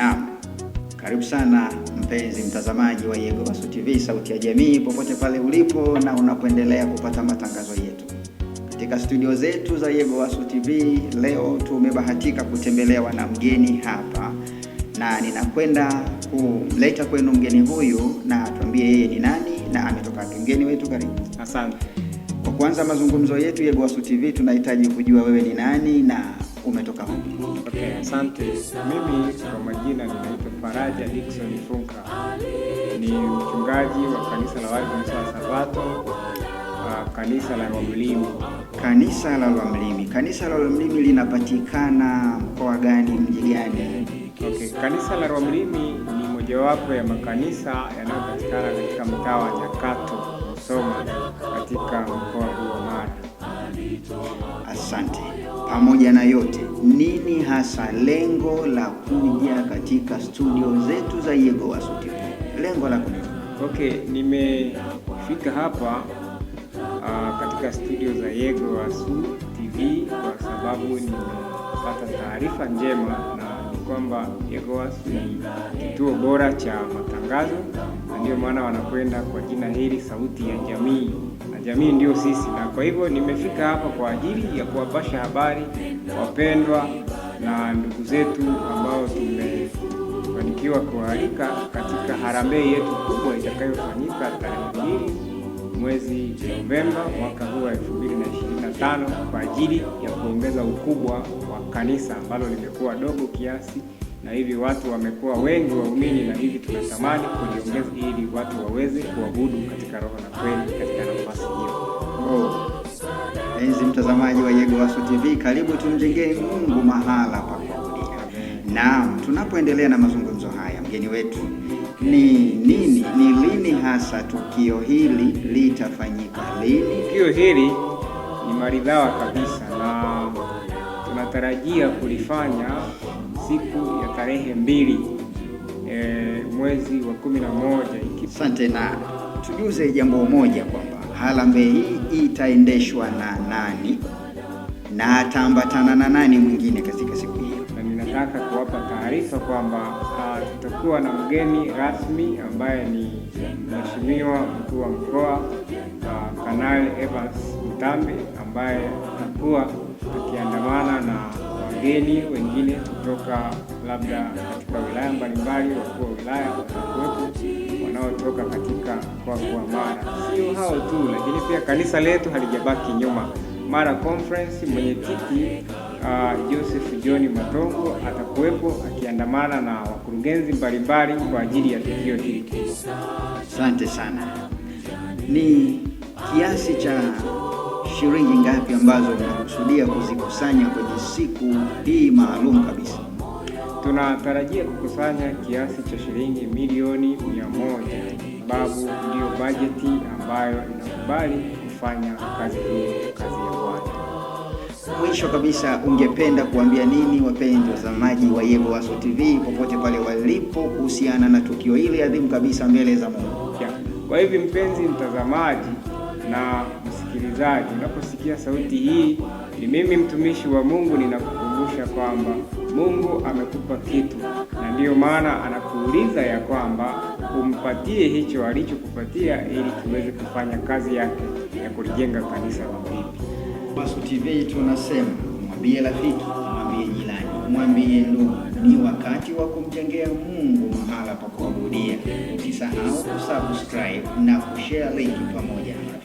Naam, karibu sana mpenzi mtazamaji wa Yegowasu TV, sauti ya jamii, popote pale ulipo na unapoendelea kupata matangazo yetu katika studio zetu za Yegowasu TV. Leo tumebahatika kutembelewa na mgeni hapa, na ninakwenda kumleta kwenu mgeni huyu na atuambie yeye ni nani na ametoka wapi. Mgeni wetu, karibu. Asante. Kwa kuanza mazungumzo yetu Yegowasu TV, tunahitaji kujua wewe ni nani na umetoka huko. Okay, asante. Mimi kwa majina ninaitwa Faraja Dickson Funka, ni mchungaji wa kanisa la Waadventista wa Sabato uh, kanisa la Lwamlimi. Kanisa la Lwamlimi, kanisa la Lwamlimi linapatikana mkoa gani, mji gani? Okay, kanisa la Lwamlimi ni mojawapo ya makanisa yanayopatikana katika mtaa wa Nyakato, Musoma, katika mkoa huu wa Mara. Asante. Pamoja na yote, nini hasa lengo la kuja katika studio zetu za Yego Wasuti? Lengo la kuja okay, nimefika hapa uh, katika studio za Yego Wasu TV kwa sababu nimepata taarifa njema na ni kwamba Yego Wasu ni kituo bora cha matangazo, na ndio maana wanakwenda kwa jina hili, sauti ya jamii jamii ndiyo sisi, na kwa hivyo nimefika hapa kwa ajili ya kuwapasha habari wapendwa na ndugu zetu ambao tumefanikiwa kualika katika harambee yetu kubwa itakayofanyika tarehe mbili mwezi Novemba mwaka huu wa 2025 kwa ajili ya kuongeza ukubwa wa kanisa ambalo limekuwa dogo kiasi na hivi watu wamekuwa wengi waumini, na hivi tunatamani kujiongeza ili watu waweze kuabudu katika roho na kweli katika nafasi hiyo. Oh, enzi mtazamaji wa Yegowasu TV, karibu tumjengee Mungu mahala pa kuabudia. Naam, tunapoendelea na mazungumzo haya, mgeni wetu ni nini, ni lini hasa tukio hili litafanyika lini? Tukio hili ni maridhawa kabisa na tunatarajia kulifanya siku ya tarehe mbili e, mwezi wa kumi na moja. Asante na tujuze jambo moja kwamba harambee hii itaendeshwa na nani na ataambatana na nani mwingine katika siku hiyo? Na ninataka kuwapa taarifa kwamba tutakuwa na mgeni rasmi ambaye ni mheshimiwa mkuu wa mkoa Kanali Evans Mtambi ambaye atakuwa tukiandamana na wageni wengine kutoka labda katika wilaya mbalimbali, wakuu wa wilaya watakuwepo, wanaotoka katika mkoa wa Mara. Sio hao tu, lakini pia kanisa letu halijabaki nyuma. Mara Conference mwenyekiti uh, Joseph John Matongo atakuwepo akiandamana na wakurugenzi mbalimbali kwa ajili ya tukio hili. Asante sana. Ni kiasi cha shilingi ngapi ambazo mnakusudia kuzikusanya kwenye siku hii maalum kabisa? Tunatarajia kukusanya kiasi cha shilingi milioni mia moja sababu ndiyo bajeti ambayo inakubali kufanya kazi hii, kazi ya Bwana. Mwisho kabisa, ungependa kuambia nini wapenzi watazamaji wa Yebo Waso TV popote pale walipo kuhusiana na tukio hili adhimu kabisa mbele za Mungu? Kwa hivi mpenzi mtazamaji na msikilizaji, unaposikia sauti hii, ni mimi mtumishi wa Mungu ninakukumbusha kwamba Mungu amekupa kitu, na ndiyo maana anakuuliza ya kwamba umpatie hicho alichokupatia ili kiweze kufanya kazi yake ya kulijenga kanisa la vipi. Wasu TV tunasema mwambie rafiki, mwambie jirani, mwambie ndugu, ni wakati wa kumjengea Mungu mahala pa kuabudia. Usisahau kusubscribe na kushare link pamoja.